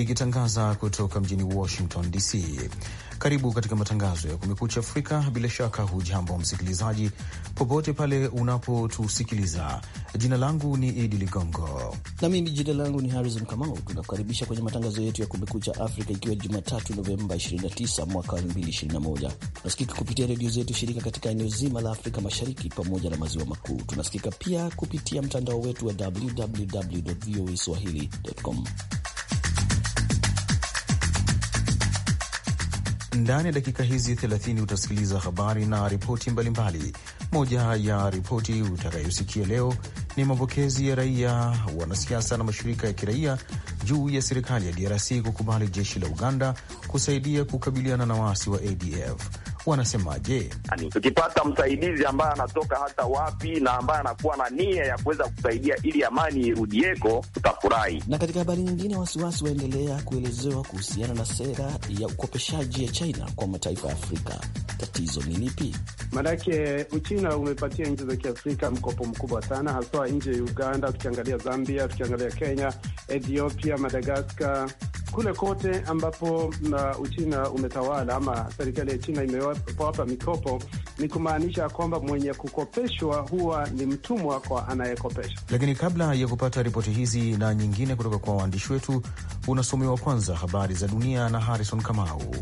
ikitangaza kutoka mjini Washington DC. Karibu katika matangazo ya Kumekucha Afrika. Bila shaka hujambo msikilizaji, popote pale unapotusikiliza. Jina langu ni Idi Ligongo na mimi jina langu ni Harrison Kamau. Tunakukaribisha kwenye matangazo yetu ya Kumekucha Afrika, ikiwa Jumatatu Novemba 29 mwaka 2021. Tunasikika kupitia redio zetu shirika katika eneo zima la Afrika Mashariki pamoja na maziwa makuu. Tunasikika pia kupitia mtandao wetu wa www voa swahili.com. Ndani ya dakika hizi 30 utasikiliza habari na ripoti mbalimbali. Moja ya ripoti utakayosikia leo ni mapokezi ya raia, wanasiasa na mashirika ya kiraia juu ya serikali ya DRC kukubali jeshi la Uganda kusaidia kukabiliana na waasi wa ADF wanasemaje? Yaani, tukipata msaidizi ambaye anatoka hata wapi na ambaye anakuwa na nia ya kuweza kusaidia ili amani irudieko, tutafurahi. Na katika habari nyingine, wasiwasi waendelea kuelezewa kuhusiana na sera ya ukopeshaji ya China kwa mataifa ya Afrika. Tatizo ni lipi? Maanake Uchina umepatia nchi za Kiafrika mkopo mkubwa sana, haswa nchi ya Uganda, tukiangalia Zambia, tukiangalia Kenya, Ethiopia, Madagaskar, kule kote ambapo uh, Uchina umetawala ama serikali ya China imewa kupata mikopo ni kumaanisha kwamba mwenye kukopeshwa huwa ni mtumwa kwa anayekopesha. Lakini kabla ya kupata ripoti hizi na nyingine kutoka kwa waandishi wetu, unasomewa kwanza habari za dunia na Harrison Kamau.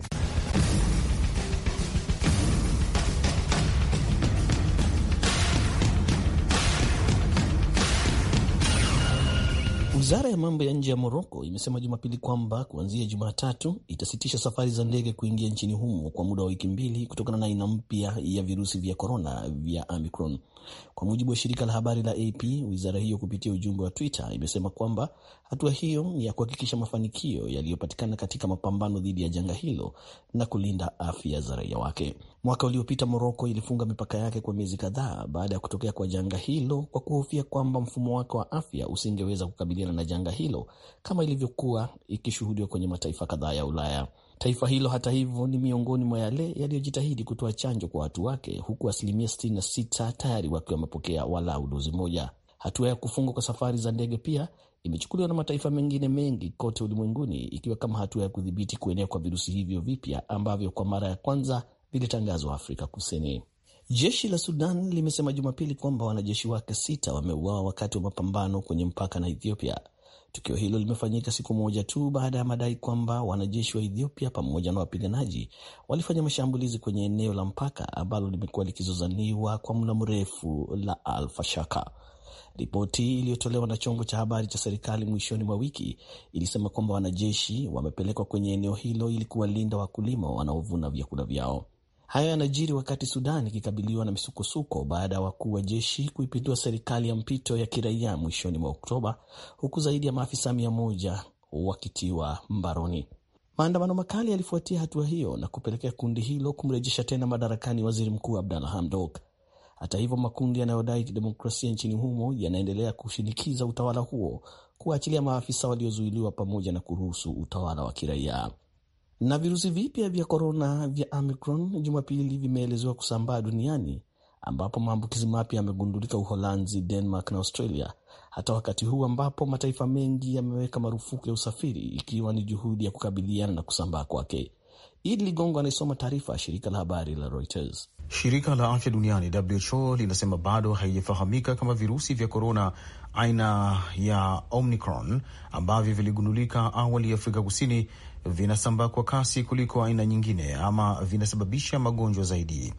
Wizara ya mambo ya nje ya Moroko imesema Jumapili kwamba kuanzia Jumatatu itasitisha safari za ndege kuingia nchini humo kwa muda wa wiki mbili kutokana na aina mpya ya virusi vya korona vya Omicron. Kwa mujibu wa shirika la habari la AP, wizara hiyo kupitia ujumbe wa Twitter imesema kwamba hatua hiyo ni ya kuhakikisha mafanikio yaliyopatikana katika mapambano dhidi ya janga hilo na kulinda afya za raia wake. Mwaka uliopita Moroko ilifunga mipaka yake kwa miezi kadhaa baada ya kutokea kwa janga hilo kwa kuhofia kwamba mfumo wake wa afya usingeweza kukabiliana na janga hilo kama ilivyokuwa ikishuhudiwa kwenye mataifa kadhaa ya Ulaya. Taifa hilo hata hivyo ni miongoni mwa yale yaliyojitahidi kutoa chanjo kwa watu wake, huku asilimia 66 tayari wakiwa wamepokea walau dozi moja. Hatua ya kufungwa kwa safari za ndege pia imechukuliwa na mataifa mengine mengi kote ulimwenguni, ikiwa kama hatua ya kudhibiti kuenea kwa virusi hivyo vipya ambavyo kwa mara ya kwanza vilitangazwa Afrika Kusini. Jeshi la Sudan limesema Jumapili kwamba wanajeshi wake sita wameuawa wakati wa mapambano kwenye mpaka na Ethiopia, Tukio hilo limefanyika siku moja tu baada ya madai kwamba wanajeshi wa Ethiopia pamoja na wapiganaji walifanya mashambulizi kwenye eneo la mpaka ambalo limekuwa likizozaniwa kwa muda mrefu la alfashaka Ripoti iliyotolewa na chombo cha habari cha serikali mwishoni mwa wiki ilisema kwamba wanajeshi wamepelekwa kwenye eneo hilo ili kuwalinda wakulima wanaovuna vyakula vyao. Hayo yanajiri wakati Sudan ikikabiliwa na misukosuko baada ya wakuu wa jeshi kuipindua serikali ya mpito ya kiraia mwishoni mwa Oktoba, huku zaidi ya maafisa mia moja wakitiwa mbaroni. Maandamano makali yalifuatia hatua hiyo na kupelekea kundi hilo kumrejesha tena madarakani waziri mkuu Abdalla Hamdok. Hata hivyo, makundi yanayodai demokrasia nchini humo yanaendelea kushinikiza utawala huo kuwaachilia maafisa waliozuiliwa pamoja na kuruhusu utawala wa kiraia. Na virusi vipya vya korona vya Omicron Jumapili vimeelezewa kusambaa duniani ambapo maambukizi mapya yamegundulika Uholanzi, Denmark na Australia, hata wakati huu ambapo mataifa mengi yameweka marufuku ya usafiri ikiwa ni juhudi ya kukabiliana na kusambaa kwake. Idi Ligongo anaisoma taarifa ya shirika la habari la Reuters. Shirika la afya duniani WHO linasema bado haijafahamika kama virusi vya korona aina ya Omicron ambavyo viligundulika awali Afrika Kusini vinasambaa kwa kasi kuliko aina nyingine ama vinasababisha magonjwa zaidi.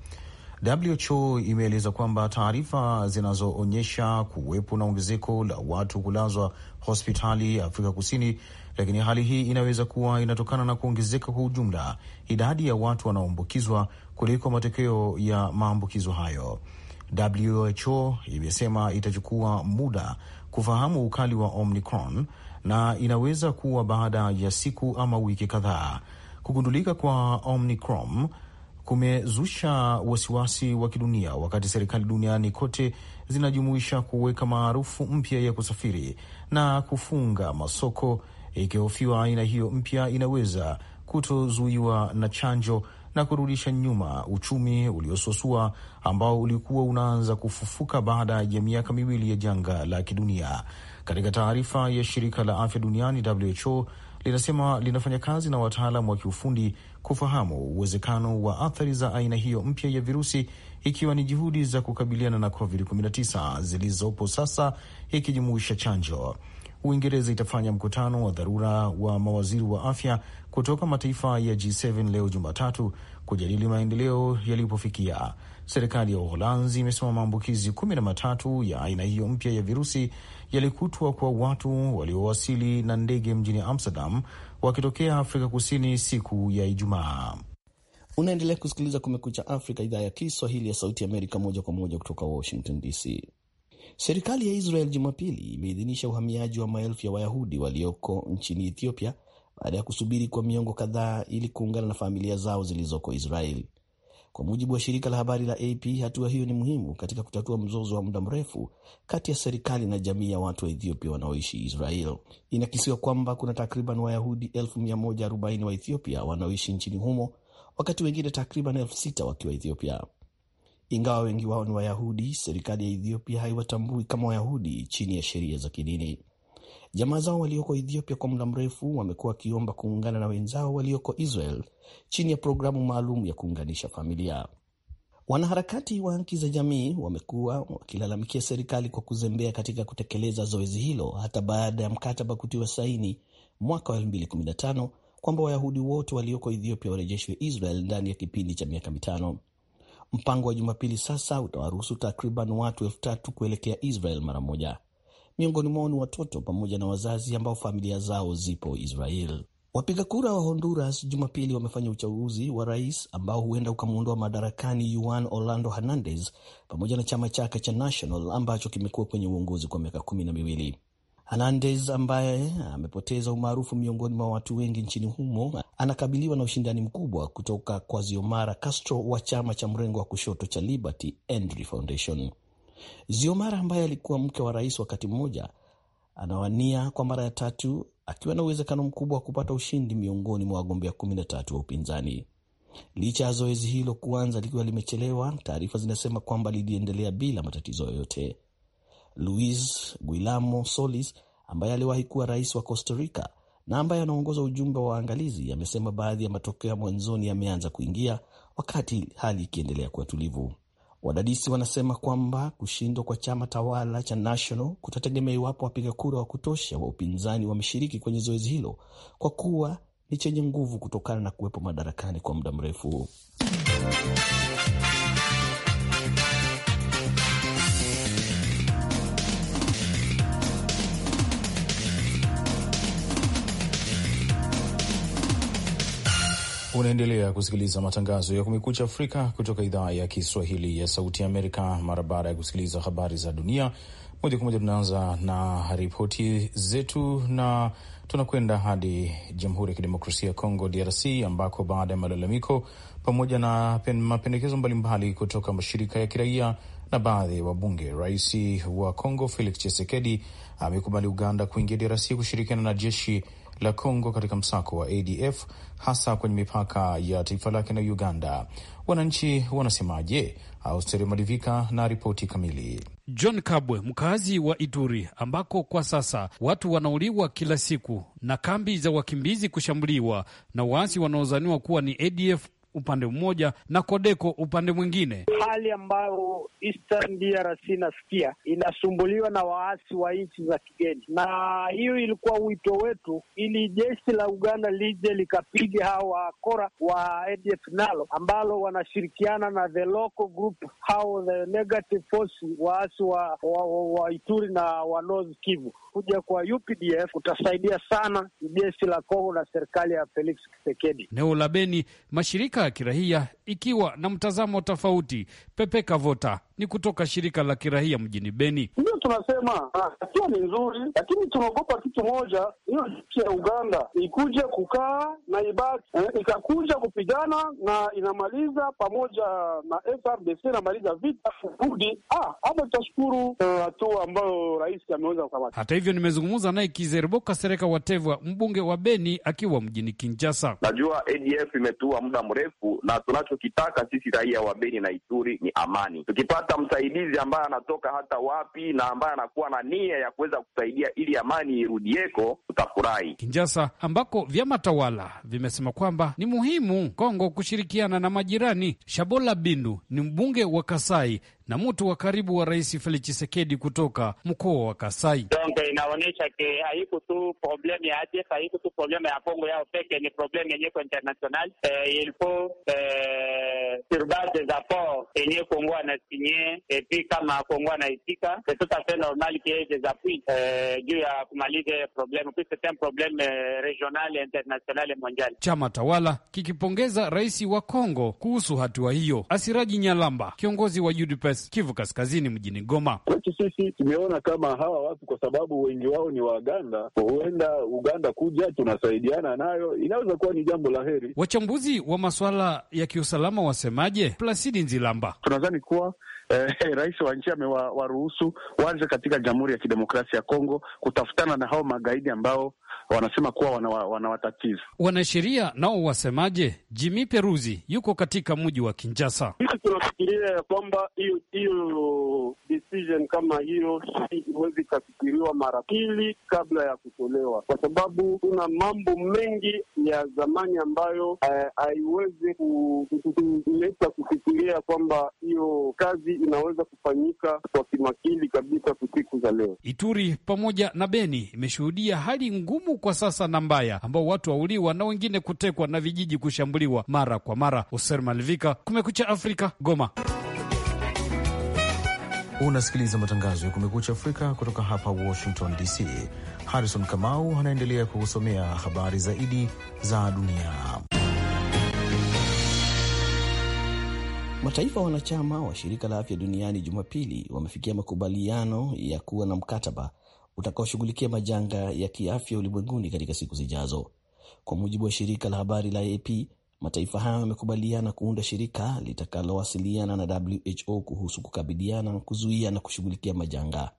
WHO imeeleza kwamba taarifa zinazoonyesha kuwepo na ongezeko la watu kulazwa hospitali Afrika Kusini, lakini hali hii inaweza kuwa inatokana na kuongezeka kwa ujumla idadi ya watu wanaoambukizwa kuliko matokeo ya maambukizo hayo. WHO imesema itachukua muda kufahamu ukali wa Omicron na inaweza kuwa baada ya siku ama wiki kadhaa. Kugundulika kwa Omicron kumezusha wasiwasi wa kidunia, wakati serikali duniani kote zinajumuisha kuweka maarufu mpya ya kusafiri na kufunga masoko, ikihofiwa aina hiyo mpya inaweza kutozuiwa na chanjo na kurudisha nyuma uchumi uliosuasua ambao ulikuwa unaanza kufufuka baada ya miaka miwili ya janga la kidunia. Katika taarifa ya shirika la afya duniani WHO linasema linafanya kazi na wataalam wa kiufundi kufahamu uwezekano wa athari za aina hiyo mpya ya virusi, ikiwa ni juhudi za kukabiliana na COVID-19 zilizopo sasa, ikijumuisha chanjo. Uingereza itafanya mkutano wa dharura wa mawaziri wa afya kutoka mataifa ya G7 leo Jumatatu kujadili maendeleo yalipofikia. Serikali ya Uholanzi imesema maambukizi kumi na matatu ya aina hiyo mpya ya virusi yalikutwa kwa watu waliowasili na ndege mjini Amsterdam wakitokea Afrika Kusini siku ya Ijumaa. Unaendelea kusikiliza Kumekucha Afrika, idhaa ya Kiswahili ya Sauti Amerika, moja kwa moja kutoka Washington DC. Serikali ya Israel Jumapili imeidhinisha uhamiaji wa maelfu ya Wayahudi walioko nchini Ethiopia baada ya kusubiri kwa miongo kadhaa ili kuungana na familia zao zilizoko Israel. Kwa mujibu wa shirika la habari la AP, hatua hiyo ni muhimu katika kutatua mzozo wa muda mrefu kati ya serikali na jamii ya watu wa Ethiopia wanaoishi Israel. Inakisiwa kwamba kuna takriban Wayahudi 140 wa Ethiopia wanaoishi nchini humo, wakati wengine takriban 6,000 wakiwa Ethiopia. Ingawa wengi wao ni Wayahudi, serikali ya Ethiopia haiwatambui kama Wayahudi chini ya sheria za kidini. Jamaa zao walioko Ethiopia kwa muda mrefu wamekuwa wakiomba kuungana na wenzao walioko Israel chini ya programu maalum ya kuunganisha familia. Wanaharakati wa haki za jamii wamekuwa wakilalamikia serikali kwa kuzembea katika kutekeleza zoezi hilo hata baada ya mkataba kutiwa saini mwaka wa 2015 kwamba Wayahudi wote walioko Ethiopia warejeshwe Israel ndani ya kipindi cha miaka mitano. Mpango wa Jumapili sasa utawaruhusu takriban watu elfu tatu kuelekea Israel mara moja. Miongoni mwao ni watoto pamoja na wazazi ambao familia zao zipo Israel. Wapiga kura wa Honduras Jumapili wamefanya uchaguzi wa rais ambao huenda ukamwondoa madarakani Juan Orlando Hernandez pamoja na chama chake cha National ambacho kimekuwa kwenye uongozi kwa miaka kumi na miwili. Hernandez ambaye amepoteza umaarufu miongoni mwa watu wengi nchini humo anakabiliwa na ushindani mkubwa kutoka kwa ziomara Castro wa chama cha mrengo wa kushoto cha Liberty and Reformation. Ziomara ambaye alikuwa mke wa rais wakati mmoja, anawania kwa mara ya tatu akiwa na uwezekano mkubwa wa kupata ushindi miongoni mwa wagombea 13 wa upinzani. Licha ya zoezi hilo kuanza likiwa limechelewa, taarifa zinasema kwamba liliendelea bila matatizo yoyote. Luis Guillermo Solis ambaye aliwahi kuwa rais wa Costa Rica na ambaye anaongoza ujumbe wa waangalizi amesema baadhi ya matokeo ya mwanzoni yameanza kuingia, wakati hali ikiendelea kuwa tulivu. Wadadisi wanasema kwamba kushindwa kwa chama tawala cha National kutategemea iwapo wapiga kura wa kutosha wa upinzani wameshiriki kwenye zoezi hilo, kwa kuwa ni chenye nguvu kutokana na kuwepo madarakani kwa muda mrefu. Unaendelea kusikiliza matangazo ya Kumekucha Afrika kutoka idhaa ya Kiswahili ya Sauti ya Amerika. Mara baada ya kusikiliza habari za dunia moja kwa moja, tunaanza na ripoti zetu na tunakwenda hadi Jamhuri ya Kidemokrasia ya Kongo, DRC, ambako baada ya malalamiko pamoja na mapendekezo mbalimbali kutoka mashirika ya kiraia na baadhi ya wabunge, rais wa Kongo Felix Tshisekedi amekubali Uganda kuingia DRC kushirikiana na jeshi la Kongo katika msako wa ADF hasa kwenye mipaka ya taifa lake na Uganda. Wananchi wanasemaje? Austeri Malivika na ripoti kamili. John Kabwe, mkazi wa Ituri, ambako kwa sasa watu wanauliwa kila siku na kambi za wakimbizi kushambuliwa na waasi wanaozaniwa kuwa ni ADF upande mmoja na Kodeko upande mwingine, hali ambayo Eastern DRC nasikia inasumbuliwa na waasi wa nchi za kigeni, na hiyo ilikuwa wito wetu, ili jeshi la Uganda lije likapiga hawa wakora wa ADF nalo ambalo wanashirikiana na the local group hao the negative force waasi wa, wa, wa, wa Ituri na wa North Kivu kuja kwa UPDF kutasaidia sana jeshi la Kongo na serikali ya Felix Tshisekedi. Eneo la Beni, mashirika ya kirahia ikiwa na mtazamo tofauti. Pepe Kavota ni kutoka shirika la kirahia mjini Beni. Ndiyo tunasema ah, hatua ni nzuri, lakini tunaogopa kitu moja, hiyo nchi ya Uganda ikuje kukaa na ibaki eh, ikakuja kupigana na inamaliza pamoja na FRDC inamaliza vita kurudi. Ah, tutashukuru eh, hatua uh, ambayo rais ameweza kukamata. Hata hivyo, nimezungumza naye Kizeriboka Sereka Watevwa, mbunge wa Beni, akiwa mjini Kinshasa. Najua ADF imetua muda mrefu, na tunachokitaka sisi raia wa Beni na Ituri ni amani. Tukipata hata msaidizi ambaye anatoka hata wapi na ambaye anakuwa na nia ya kuweza kusaidia ili amani irudieko, utafurahi Kinjasa ambako vyama tawala vimesema kwamba ni muhimu Kongo kushirikiana na majirani. Shabola Bindu ni mbunge wa Kasai na mtu wa karibu wa Rais Felix chisekedi kutoka mkoa wa Kasai. Donc inaonyesha ke haiku tu probleme ya ADF, haiku tu probleme ya Kongo yao peke, ni probleme yenye ko international eh, ilfo eh, surbase za port yenye Kongo anasinye epi kama Kongo anaitika etutafe normal kie des appuis eh, juu ya kumaliza probleme puis c'est un probleme eh, regional international mondial. Chama tawala kikipongeza rais wa Kongo kuhusu hatua hiyo. Asiraji Nyalamba, kiongozi wa UDP Express Kivu Kaskazini, mjini Goma. Kwetu sisi tumeona kama hawa watu, kwa sababu wengi wao ni Waganda, huenda Uganda kuja tunasaidiana nayo, inaweza kuwa ni jambo la heri. Wachambuzi wa masuala ya kiusalama wasemaje? Plasidi Nzilamba: tunadhani kuwa Eh, rais wa nchi amewaruhusu waanze katika Jamhuri ya Kidemokrasia ya Kongo kutafutana na hao magaidi ambao wanasema kuwa wanawatatiza wana wanasheria nao wasemaje? Jimi Peruzi yuko katika mji wa Kinshasa. Sisi tunafikiria ya kwamba hiyo hiyo decision kama hiyo iwezi ikafikiriwa mara pili kabla ya kutolewa, kwa sababu kuna mambo mengi ya zamani ambayo eh, haiwezi kuleta kufikiria kwamba hiyo kazi inaweza kufanyika kwa kimakili kabisa. Siku za leo Ituri pamoja na Beni imeshuhudia hali ngumu huu kwa sasa na mbaya, ambao watu wauliwa na wengine kutekwa na vijiji kushambuliwa mara kwa mara. Hoser Malivika, Kumekucha Afrika, Goma. Unasikiliza matangazo ya Kumekucha Afrika kutoka hapa Washington DC. Harrison Kamau anaendelea kukusomea habari zaidi za dunia. Mataifa wanachama wa shirika la afya duniani Jumapili wamefikia makubaliano ya kuwa na mkataba utakaoshughulikia majanga ya kiafya ulimwenguni katika siku zijazo. Kwa mujibu wa shirika la habari la AP, mataifa hayo yamekubaliana kuunda shirika litakalowasiliana na WHO kuhusu kukabiliana, kuzuia na kushughulikia majanga.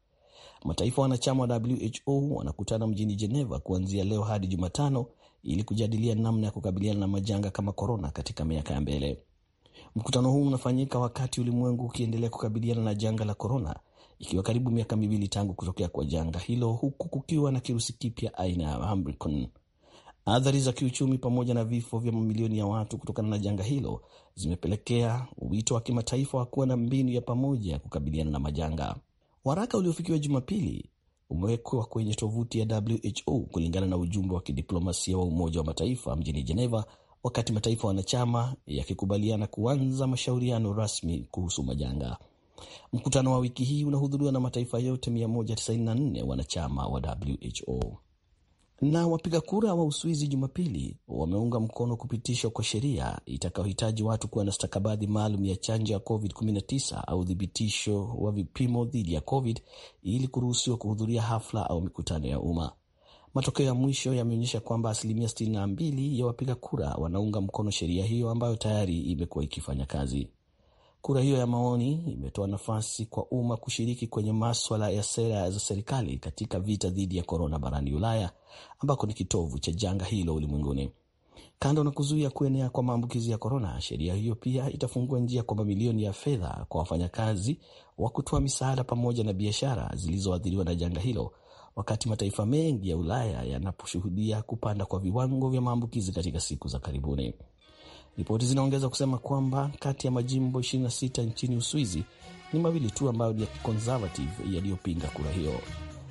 Mataifa wanachama wa WHO wanakutana mjini Geneva kuanzia leo hadi Jumatano ili kujadilia namna ya kukabiliana na majanga kama korona katika miaka ya mbele. Mkutano huu unafanyika wakati ulimwengu ukiendelea kukabiliana na janga la korona ikiwa karibu miaka miwili tangu kutokea kwa janga hilo, huku kukiwa na kirusi kipya aina ya Omicron. Athari za kiuchumi pamoja na vifo vya mamilioni ya watu kutokana na janga hilo zimepelekea wito wa kimataifa wa kuwa na mbinu ya pamoja ya kukabiliana na majanga. Waraka uliofikiwa Jumapili umewekwa kwenye tovuti ya WHO kulingana na ujumbe wa kidiplomasia wa Umoja wa Mataifa mjini Geneva, wakati mataifa wanachama yakikubaliana kuanza mashauriano rasmi kuhusu majanga. Mkutano wa wiki hii unahudhuriwa na mataifa yote 194 wanachama wa WHO. Na wapiga kura wa Uswizi Jumapili wameunga mkono kupitishwa kwa sheria itakayohitaji watu kuwa na stakabadhi maalum ya chanjo ya COVID-19 au uthibitisho wa vipimo dhidi ya COVID ili kuruhusiwa kuhudhuria hafla au mikutano ya umma. Matokeo ya mwisho yameonyesha kwamba asilimia 62 ya wapiga kura wanaunga mkono sheria hiyo ambayo tayari imekuwa ikifanya kazi. Kura hiyo ya maoni imetoa nafasi kwa umma kushiriki kwenye maswala ya sera za serikali katika vita dhidi ya korona barani Ulaya, ambako ni kitovu cha janga hilo ulimwenguni. Kando na kuzuia kuenea kwa maambukizi ya korona, sheria hiyo pia itafungua njia kwa mamilioni ya fedha kwa wafanyakazi wa kutoa misaada pamoja na biashara zilizoathiriwa na janga hilo, wakati mataifa mengi ya Ulaya yanaposhuhudia kupanda kwa viwango vya maambukizi katika siku za karibuni. Ripoti zinaongeza kusema kwamba kati ya majimbo 26 nchini Uswizi ni mawili tu ambayo ni ya kiconservative yaliyopinga kura hiyo.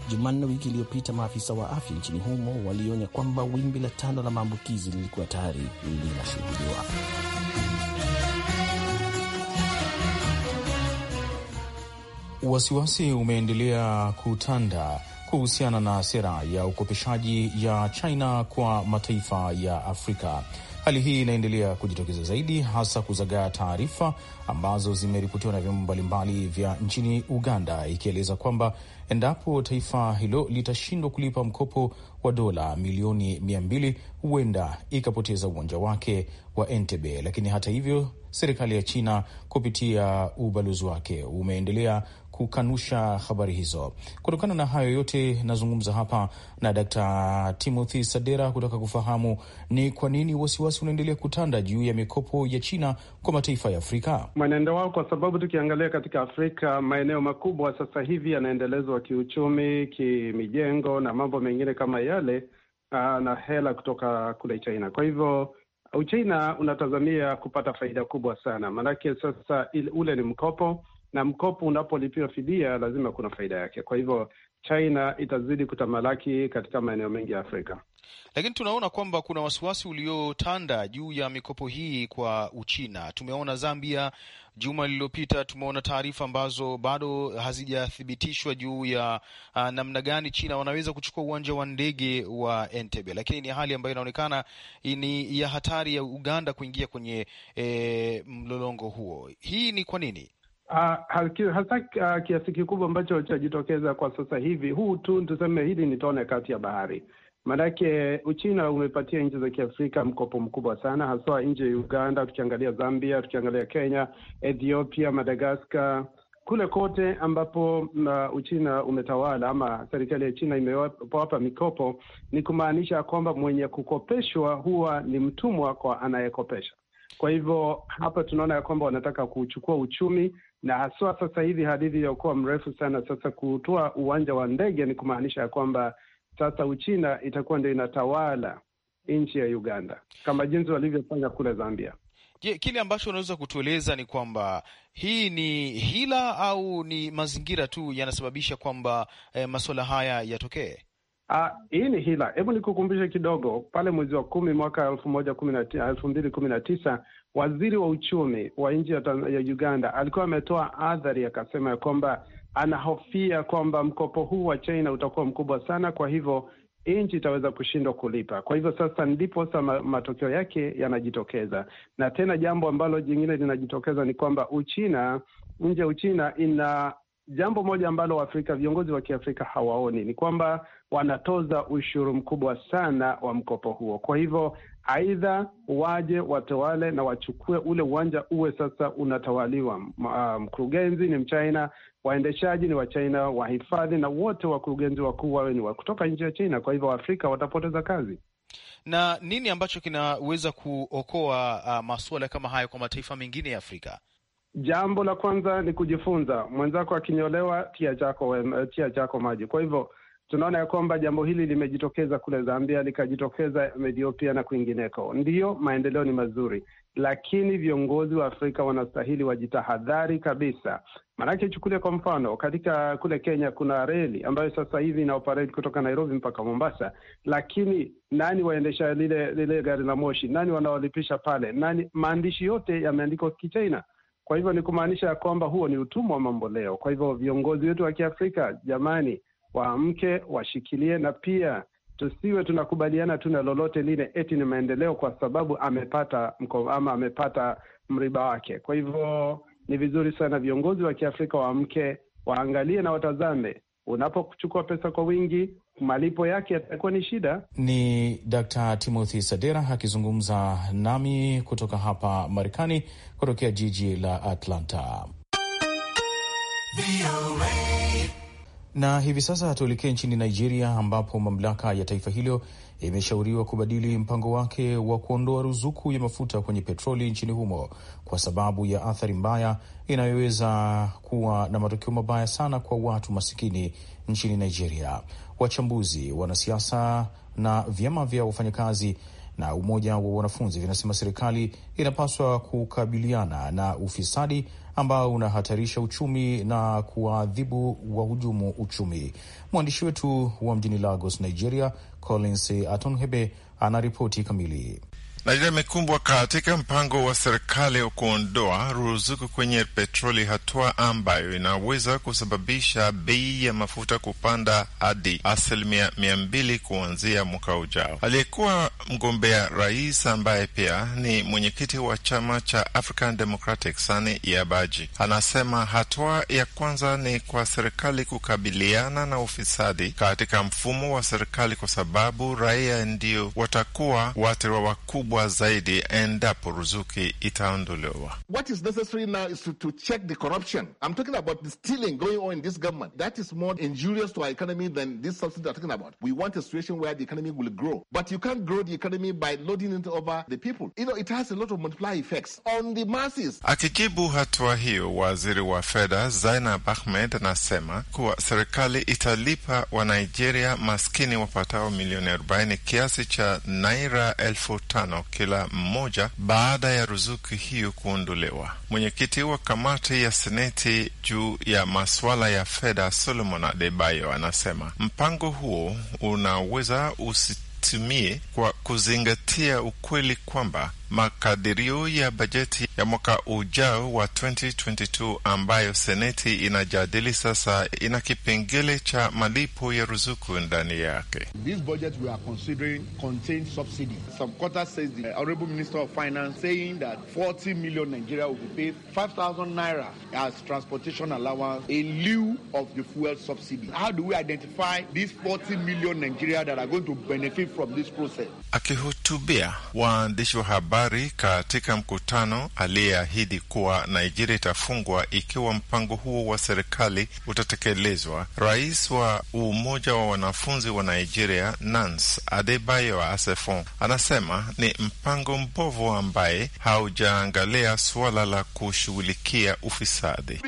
Jumanne wiki iliyopita, maafisa wa afya nchini humo walionya kwamba wimbi la tano la maambukizi lilikuwa tayari linashuhudiwa. Wasiwasi umeendelea kutanda kuhusiana na sera ya ukopeshaji ya China kwa mataifa ya Afrika. Hali hii inaendelea kujitokeza zaidi, hasa kuzagaa taarifa ambazo zimeripotiwa na vyombo mbalimbali vya nchini Uganda, ikieleza kwamba endapo taifa hilo litashindwa kulipa mkopo wa dola milioni mia mbili huenda ikapoteza uwanja wake wa Entebbe. Lakini hata hivyo, serikali ya China kupitia ubalozi wake umeendelea kukanusha habari hizo. Kutokana na hayo yote, nazungumza hapa na Dkt. Timothy Sadera kutaka kufahamu ni kwa nini wasiwasi unaendelea kutanda juu ya mikopo ya China kwa mataifa ya Afrika, mwenendo wao, kwa sababu tukiangalia katika Afrika maeneo makubwa sasa hivi yanaendelezwa kiuchumi, kimijengo na mambo mengine kama yale ah, na hela kutoka kule China. Kwa hivyo Uchina unatazamia kupata faida kubwa sana, maanake sasa ule ni mkopo na mkopo unapolipiwa fidia lazima kuna faida yake. Kwa hivyo China itazidi kutamalaki katika maeneo mengi ya Afrika, lakini tunaona kwamba kuna wasiwasi uliotanda juu ya mikopo hii kwa Uchina. Tumeona Zambia juma lililopita, tumeona taarifa ambazo bado hazijathibitishwa juu ya uh, namna gani China wanaweza kuchukua uwanja wa ndege wa Entebbe, lakini ni hali ambayo inaonekana ni ya hatari ya Uganda kuingia kwenye eh, mlolongo huo. Hii ni kwa nini? Uh, hasa uh, kiasi kikubwa ambacho chajitokeza kwa sasa hivi, huu tu tuseme, hili ni tone kati ya bahari. Maanake Uchina umepatia nchi za Kiafrika mkopo mkubwa sana, haswa nje ya Uganda, tukiangalia Zambia, tukiangalia Kenya, Ethiopia, Madagaskar, kule kote ambapo uh, Uchina umetawala ama serikali ya China imewapa mikopo, ni kumaanisha kwamba mwenye kukopeshwa huwa ni mtumwa kwa anayekopesha. Kwa hivyo hapa tunaona ya kwamba wanataka kuchukua uchumi na haswa sasa hivi hadithi ya ukoa mrefu sana sasa kutoa uwanja wa ndege ni kumaanisha ya kwamba sasa Uchina itakuwa ndio inatawala nchi ya Uganda kama jinsi walivyofanya kule Zambia. Je, kile ambacho unaweza kutueleza ni kwamba hii ni hila au ni mazingira tu yanasababisha kwamba eh, masuala haya yatokee? Ah, hii ni hila. Hebu nikukumbushe kidogo, pale mwezi wa kumi mwaka elfu moja kumi na tisa, elfu mbili kumi na tisa waziri wa uchumi wa nchi ya Uganda alikuwa ametoa adhari akasema ya kwamba anahofia kwamba mkopo huu wa China utakuwa mkubwa sana, kwa hivyo nchi itaweza kushindwa kulipa. Kwa hivyo sasa ndipo sa matokeo yake yanajitokeza. Na tena jambo ambalo jingine linajitokeza ni kwamba Uchina, nje ya Uchina ina jambo moja ambalo Waafrika viongozi wa Kiafrika hawaoni ni kwamba wanatoza ushuru mkubwa sana wa mkopo huo. Kwa hivyo, aidha waje watawale na wachukue ule uwanja uwe sasa unatawaliwa. Ah, mkurugenzi ni Mchina, waendeshaji ni Wachina, wahifadhi na wote wakurugenzi wakuu wawe ni wa kutoka nchi ya China. Kwa hivyo, Waafrika watapoteza kazi na nini ambacho kinaweza kuokoa uh, masuala kama hayo kwa mataifa mengine ya Afrika? Jambo la kwanza ni kujifunza. Mwenzako akinyolewa, tia chako, tia chako maji. Kwa hivyo tunaona ya kwamba jambo hili limejitokeza kule Zambia, likajitokeza Ethiopia na kwingineko. Ndiyo, maendeleo ni mazuri, lakini viongozi wa Afrika wanastahili wajitahadhari kabisa. Maanake chukulia kwa mfano, katika kule Kenya kuna reli ambayo sasa hivi ina operate kutoka Nairobi mpaka Mombasa, lakini nani waendesha lile lile gari la moshi? Nani wanaolipisha pale? Nani? Maandishi yote yameandikwa Kichaina. Kwa hivyo ni kumaanisha ya kwamba huo ni utumwa wa mamboleo. Kwa hivyo viongozi wetu wa Kiafrika, jamani, waamke, washikilie na pia tusiwe tunakubaliana tu na lolote lile eti ni maendeleo kwa sababu amepata mko, ama amepata mriba wake. Kwa hivyo ni vizuri sana viongozi wa Kiafrika waamke, waangalie na watazame, unapochukua pesa kwa wingi malipo yake yatakuwa ni shida. Ni Dkt. Timothy Sadera akizungumza nami kutoka hapa Marekani, kutokea jiji la Atlanta. Na hivi sasa tuelekee nchini Nigeria ambapo mamlaka ya taifa hilo imeshauriwa kubadili mpango wake wa kuondoa ruzuku ya mafuta kwenye petroli nchini humo kwa sababu ya athari mbaya inayoweza kuwa na matokeo mabaya sana kwa watu masikini nchini Nigeria. Wachambuzi, wanasiasa na vyama vya wafanyakazi na umoja wa wanafunzi vinasema serikali inapaswa kukabiliana na ufisadi ambao unahatarisha uchumi na kuwaadhibu wahujumu uchumi. Mwandishi wetu wa mjini Lagos, Nigeria, Collins Atonhebe anaripoti kamili. Nigeria imekumbwa katika mpango wa serikali wa kuondoa ruzuku kwenye petroli, hatua ambayo inaweza kusababisha bei ya mafuta kupanda hadi asilimia mia mbili kuanzia mwaka ujao. Aliyekuwa mgombea rais ambaye pia ni mwenyekiti wa chama cha African Democratic Sani Yabaji anasema hatua ya kwanza ni kwa serikali kukabiliana na ufisadi katika mfumo wa serikali, kwa sababu raia ndio watakuwa waathiriwa wakubwa kubwa zaidi endapo ruzuku itaondolewa. What is necessary now is to, to check the corruption. I'm talking about the stealing going on in this government. That is more injurious to our economy than this subsidy I'm talking about. We want a situation where the economy will grow. But you can't grow the economy by loading it over the people. You know, it has a lot of multiplier effects on the masses. Akijibu hatua hiyo, waziri wa fedha Zainab Ahmed anasema kuwa serikali italipa wa nigeria maskini wapatao milioni 40 kiasi cha naira elfu tano kila mmoja baada ya ruzuku hiyo kuondolewa. Mwenyekiti wa kamati ya seneti juu ya masuala ya fedha Solomon Adebayo anasema mpango huo unaweza usitumie kwa kuzingatia ukweli kwamba makadirio ya bajeti ya mwaka ujao wa 2022 ambayo seneti inajadili sasa ina kipengele cha malipo ya ruzuku ndani yake. This budget we are considering contains subsidy. Some says the uh, honorable minister of finance saying that 40 million Nigeria will be paid 5000 naira as transportation allowance in lieu of the fuel subsidy. How do we identify these 40 million Nigeria that are going to benefit from this process? Akihutubia waandishi wa habari habari katika mkutano aliyeahidi kuwa Nigeria itafungwa ikiwa mpango huo wa serikali utatekelezwa. Rais wa Umoja wa Wanafunzi wa Nigeria Nans Adebayo Asefon anasema ni mpango mbovu ambaye haujaangalia suala la kushughulikia ufisadi.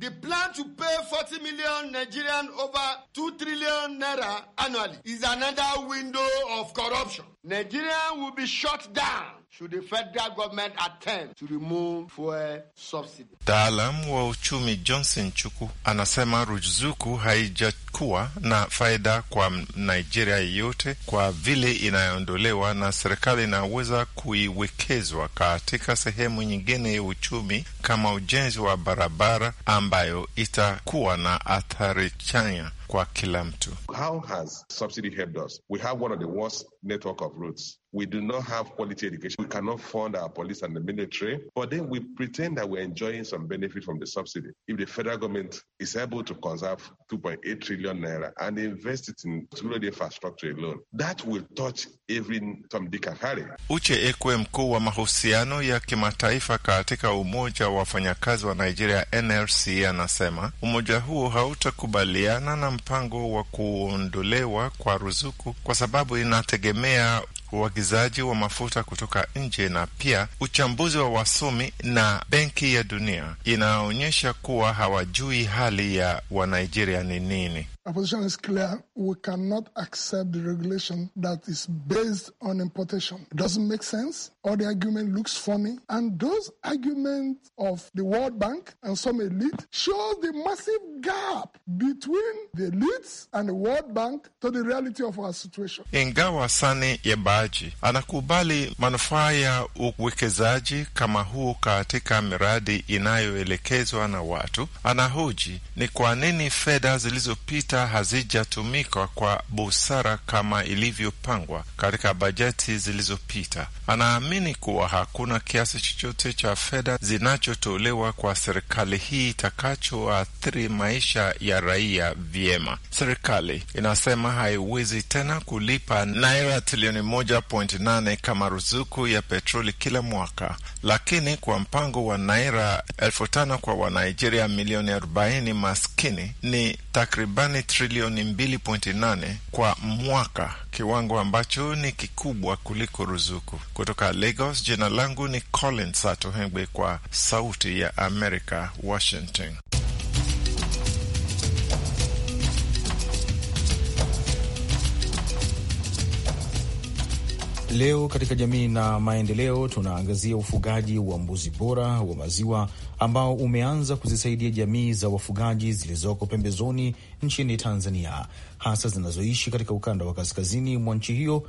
The plan to pay 40 million Nigerian over 2 trillion naira annually. Mali is another window of corruption. Nigeria will be shut down should the federal government attempt to remove fuel subsidy. Mtaalamu wa uchumi Johnson Chuku anasema ruzuku haijakuwa na faida kwa Nigeria yote kwa vile inayoondolewa na serikali inaweza kuiwekezwa katika sehemu nyingine ya uchumi kama ujenzi wa barabara ambayo itakuwa na athari chanya kwa kila mtu. How has subsidy helped us? We have one of the worst network of roads. We do not have quality education. We cannot fund our police and the military. But then we pretend that we're enjoying some benefit from the subsidy. If the federal government is able to conserve 2.8 trillion naira and invest it in rural infrastructure alone, that will touch every Tom, Dick and Harry. Uche Ekwe, mkuu wa mahusiano ya kimataifa katika Umoja wa Wafanyakazi wa Nigeria, NLC, anasema umoja huo hautakubaliana na mpango wa kuondolewa kwa ruzuku kwa sababu inategemea kutegemea uagizaji wa mafuta kutoka nje, na pia uchambuzi wa wasomi na Benki ya Dunia inaonyesha kuwa hawajui hali ya Wanigeria ni nini. Our position is clear. We cannot accept the regulation that is based on importation. It doesn't make sense. All the argument looks funny. And those arguments of the World Bank and some elite shows the massive gap between the elites and the World Bank to the reality of our situation. Ingawa Sani Yebaji anakubali manufaa ya uwekezaji kama huu katika miradi inayoelekezwa na watu, anahoji ni kwa nini fedha zilizopita sita hazijatumika kwa busara kama ilivyopangwa katika bajeti zilizopita. Anaamini kuwa hakuna kiasi chochote cha fedha zinachotolewa kwa serikali hii itakachoathiri maisha ya raia vyema. Serikali inasema haiwezi tena kulipa naira trilioni 18 kama ruzuku ya petroli kila mwaka, lakini kwa mpango wa naira elfu tano kwa Wanaijeria milioni 40 maskini ni takribani trilioni 2.8 kwa mwaka, kiwango ambacho ni kikubwa kuliko ruzuku. Kutoka Lagos, jina langu ni Colin Satohengwe kwa Sauti ya Amerika, Washington. Leo katika jamii na maendeleo tunaangazia ufugaji wa mbuzi bora wa maziwa ambao umeanza kuzisaidia jamii za wafugaji zilizoko pembezoni nchini Tanzania, hasa zinazoishi katika ukanda wa kaskazini mwa nchi hiyo.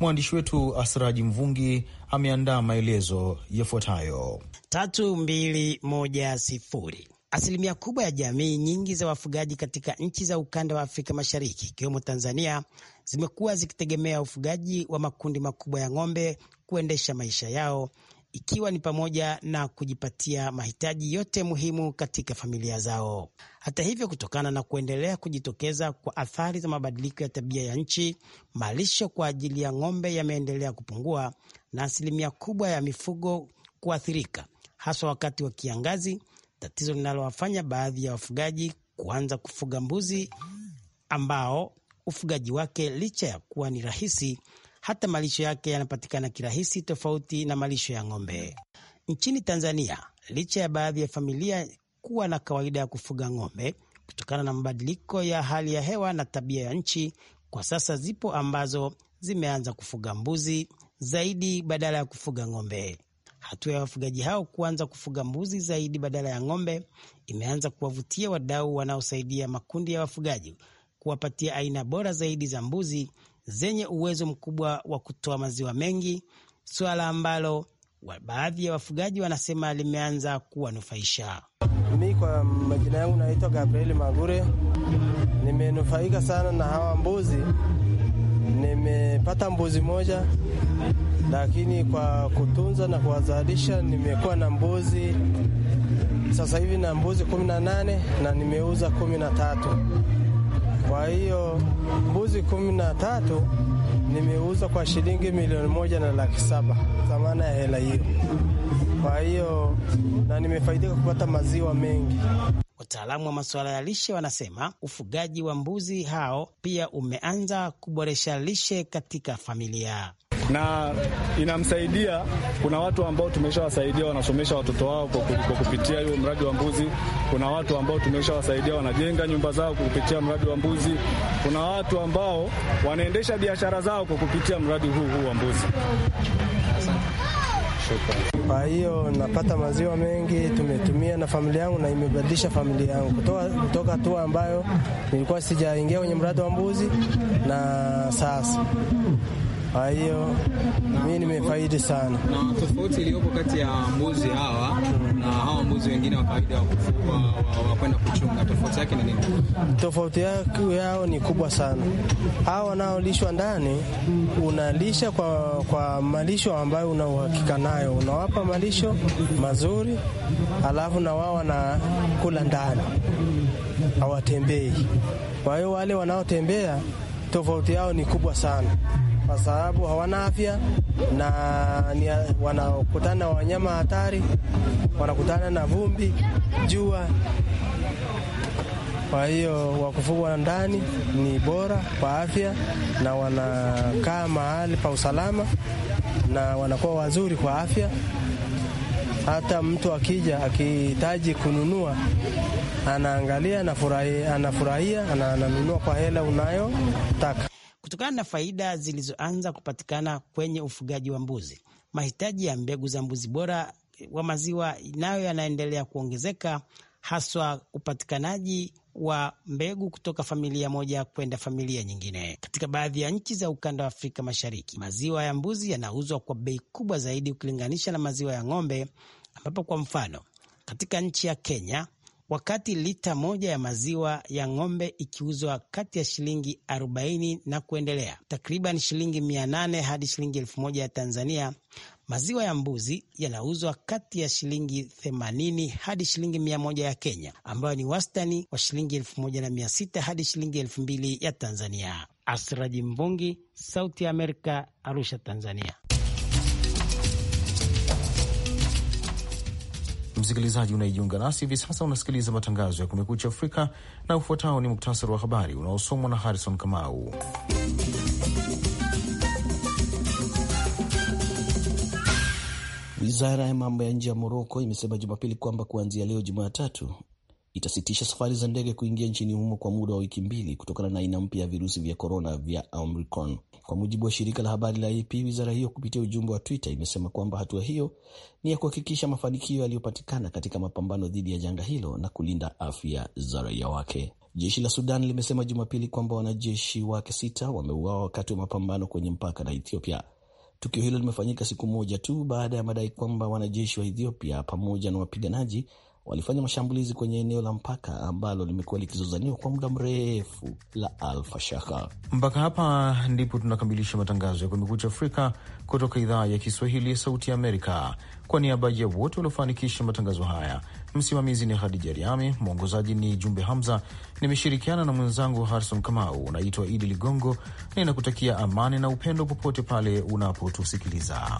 Mwandishi wetu Asraji Mvungi ameandaa maelezo yafuatayo. tatu mbili moja sifuri. Asilimia kubwa ya jamii nyingi za wafugaji katika nchi za ukanda wa Afrika Mashariki ikiwemo Tanzania zimekuwa zikitegemea ufugaji wa makundi makubwa ya ng'ombe kuendesha maisha yao ikiwa ni pamoja na kujipatia mahitaji yote muhimu katika familia zao. Hata hivyo, kutokana na kuendelea kujitokeza kwa athari za mabadiliko ya tabia ya nchi, malisho kwa ajili ya ng'ombe yameendelea kupungua na asilimia kubwa ya mifugo kuathirika, haswa wakati wa kiangazi, tatizo linalowafanya baadhi ya wafugaji kuanza kufuga mbuzi ambao ufugaji wake licha ya kuwa ni rahisi hata malisho yake yanapatikana kirahisi, tofauti na malisho ya ng'ombe. Nchini Tanzania, licha ya baadhi ya familia kuwa na kawaida ya kufuga ng'ombe, kutokana na mabadiliko ya hali ya hewa na tabia ya nchi, kwa sasa zipo ambazo zimeanza kufuga mbuzi zaidi badala ya kufuga ng'ombe. Hatua ya wafugaji hao kuanza kufuga mbuzi zaidi badala ya ng'ombe imeanza kuwavutia wadau wanaosaidia makundi ya wafugaji kuwapatia aina bora zaidi za mbuzi zenye uwezo mkubwa wa kutoa maziwa mengi, suala ambalo wa baadhi ya wafugaji wanasema limeanza kuwanufaisha. Mi kwa majina yangu naitwa Gabrieli Magure, nimenufaika sana na hawa mbuzi. Nimepata mbuzi moja, lakini kwa kutunza na kuwazalisha nimekuwa na mbuzi sasa hivi na mbuzi kumi na nane na nimeuza kumi na tatu. Kwa hiyo mbuzi kumi na tatu nimeuza kwa shilingi milioni moja na laki saba thamana ya hela hiyo. Kwa hiyo na nimefaidika kupata maziwa mengi. Wataalamu wa masuala ya lishe wanasema ufugaji wa mbuzi hao pia umeanza kuboresha lishe katika familia na inamsaidia. Kuna watu ambao tumeshawasaidia wanasomesha watoto wao kwa kupitia hiyo mradi wa mbuzi. Kuna watu ambao tumeshawasaidia wanajenga nyumba zao kwa kupitia mradi wa mbuzi. Kuna watu ambao wanaendesha biashara zao kwa kupitia mradi huu huu wa mbuzi. Kwa hiyo napata maziwa mengi, tumetumia na familia yangu, na imebadilisha familia yangu kutoka kutoka hatua ambayo nilikuwa sijaingia kwenye mradi wa mbuzi na sasa kwa hiyo mi nimefaidi sana. Na tofauti iliyopo kati ya mbuzi hawa na hawa mbuzi wengine wa kawaida wa kwenda kuchunga, tofauti yake ni nini? Tofauti yake yao ni kubwa sana. Hawa wanaolishwa ndani, unalisha kwa, kwa malisho ambayo una uhakika nayo, unawapa malisho mazuri, alafu na wao wanakula ndani, hawatembei. Kwa hiyo wale wanaotembea tofauti yao ni kubwa sana kwa sababu hawana afya na wanakutana na wanyama hatari, wanakutana na vumbi, jua. Kwa hiyo wakufugwa ndani ni bora kwa afya, na wanakaa mahali pa usalama na wanakuwa wazuri kwa afya. Hata mtu akija akihitaji kununua, anaangalia, anafurahia, ananunua kwa hela unayotaka. Kutokana na faida zilizoanza kupatikana kwenye ufugaji wa mbuzi, mahitaji ya mbegu za mbuzi bora wa maziwa nayo yanaendelea kuongezeka, haswa upatikanaji wa mbegu kutoka familia moja kwenda familia nyingine. Katika baadhi ya nchi za ukanda wa Afrika Mashariki, maziwa ya mbuzi yanauzwa kwa bei kubwa zaidi ukilinganisha na maziwa ya ng'ombe, ambapo kwa mfano katika nchi ya Kenya wakati lita moja ya maziwa ya ng'ombe ikiuzwa kati ya shilingi 40 na kuendelea, takriban shilingi 800 hadi shilingi 1000 ya Tanzania. Maziwa ya mbuzi yanauzwa kati ya shilingi 80 hadi shilingi 100 ya Kenya, ambayo ni wastani wa shilingi 1600 hadi shilingi 2000 ya Tanzania. Asraji Mbungi, Sauti ya Amerika, Arusha, Tanzania. Msikilizaji unayejiunga nasi hivi sasa, unasikiliza matangazo ya Kumekucha Afrika, na ufuatao ni muktasari wa habari unaosomwa na Harrison Kamau. Wizara ya mambo ya nje ya Moroko imesema Jumapili kwamba kuanzia leo Jumatatu itasitisha safari za ndege kuingia nchini humo kwa muda wa wiki mbili kutokana na aina mpya ya virusi vya korona vya Omicron. Kwa mujibu wa shirika la habari la AP, wizara hiyo kupitia ujumbe wa Twitter imesema kwamba hatua hiyo ni ya kuhakikisha mafanikio yaliyopatikana katika mapambano dhidi ya janga hilo na kulinda afya za raia wake. Jeshi la Sudan limesema Jumapili kwamba wanajeshi wake sita wameuawa wakati wa mapambano kwenye mpaka na Ethiopia. Tukio hilo limefanyika siku moja tu baada ya madai kwamba wanajeshi wa Ethiopia pamoja na wapiganaji walifanya mashambulizi kwenye eneo la mpaka ambalo limekuwa likizozaniwa kwa muda mrefu la Alfashaka. Mpaka hapa ndipo tunakamilisha matangazo ya Kumekucha Afrika kutoka idhaa ya Kiswahili ya Sauti ya Amerika. Kwa niaba ya wote waliofanikisha matangazo haya, msimamizi ni Hadija Riami, mwongozaji ni Jumbe Hamza, nimeshirikiana na mwenzangu Harison Kamau. Unaitwa Idi Ligongo, ninakutakia amani na upendo popote pale unapotusikiliza.